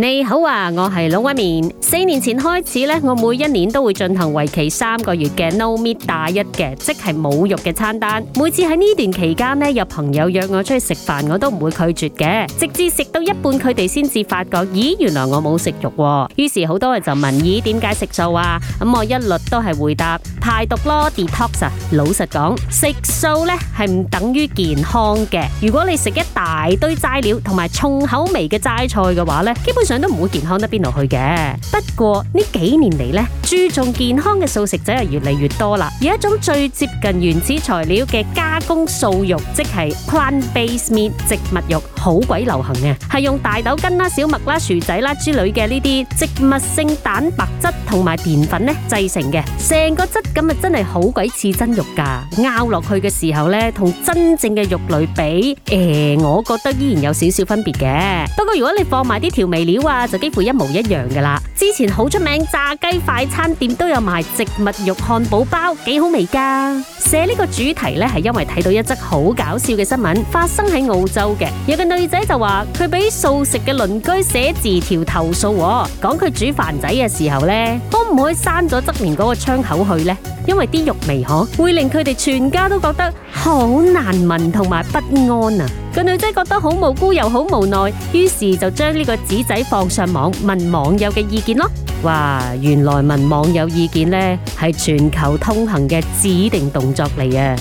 你好啊，我係老威面。四年前開始咧，我每一年都會進行為期三個月嘅 no meat diet 嘅，即係冇肉嘅餐單。每次喺呢段期間呢，有朋友約我出去食飯，我都唔會拒絕嘅。直至食到一半，佢哋先至發覺，咦，原來我冇食肉啊。於是好多人就問，咦，點解食素啊？咁、嗯、我一律都係回答排毒咯，detox 啊。老實講，食素咧係唔等於健康嘅。如果你食一大堆齋料同埋重口味嘅齋菜嘅話咧，基本。想都唔會健康得邊度去嘅，不過呢幾年嚟咧，注重健康嘅素食者又越嚟越多啦，而一種最接近原始材料嘅加工素肉，即係 plant-based meat，植物肉，好鬼流行嘅，係用大豆筋啦、小麥啦、薯仔啦之類嘅呢啲植物性蛋白質同埋澱粉咧製成嘅，成個質感啊真係好鬼似真肉㗎，咬落去嘅時候咧同真正嘅肉類比，誒、欸，我覺得依然有少少分別嘅，不過如果你放埋啲調味料啊，就幾乎一模一樣㗎啦。之前好出名炸雞快餐餐店都有賣植物肉漢堡包，幾好味噶！寫呢個主題咧，係因為睇到一則好搞笑嘅新聞，發生喺澳洲嘅。有個女仔就話，佢俾素食嘅鄰居寫字條投訴，講佢煮飯仔嘅時候呢，可唔可以閂咗側面嗰個窗口去呢？因為啲肉味嗬，會令佢哋全家都覺得好難聞同埋不安啊！個女仔覺得好無辜又好無奈，於是就將呢個紙仔放上網，問網友嘅意見咯。哇，原來問網友意見呢係全球通行嘅指定動作嚟啊！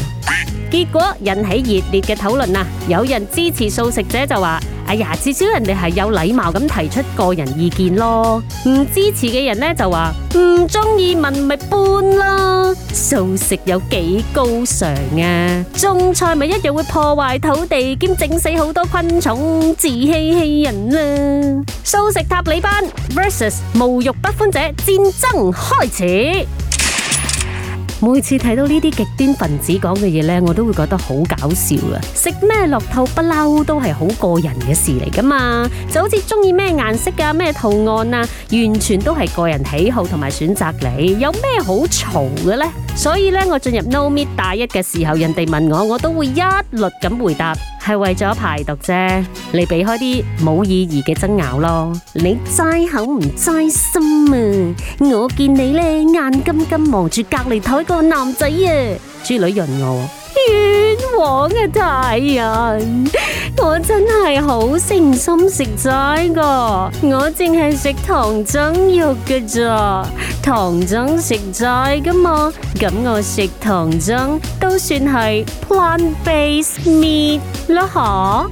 結果引起熱烈嘅討論啊！有人支持素食者就話。哎呀，至少人哋係有禮貌咁提出個人意見咯，唔支持嘅人呢，就話唔中意聞咪搬咯，素食有幾高尚啊？種菜咪一樣會破壞土地兼整死好多昆蟲，自欺欺人啦、啊！素食塔里班 versus 無肉不歡者，戰爭開始。每次睇到呢啲極端分子講嘅嘢咧，我都會覺得好搞笑啊！食咩樂透不嬲都係好個人嘅事嚟噶嘛，就好似中意咩顏色啊、咩圖案啊，完全都係個人喜好同埋選擇你，有咩好嘈嘅呢？所以咧，我進入 No Meat 大一嘅時候，人哋問我，我都會一律咁回答。係為咗排毒啫，你避開啲冇意義嘅爭拗咯。你齋口唔齋心啊！我見你咧眼金金望住隔籬台個男仔啊，豬女潤我。 往嘅太陽，我真係好誠心食齋㗎，我淨係食唐僧肉嘅咋，唐僧食齋噶嘛，咁我食唐僧都算係 plant-based meat 啦，嗬、啊。